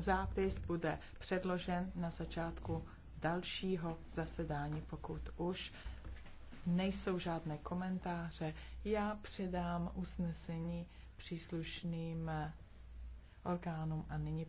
Zápis bude předložen na začátku dalšího zasedání, pokud už nejsou žádné komentáře. Já předám usnesení příslušným orgánům a nyní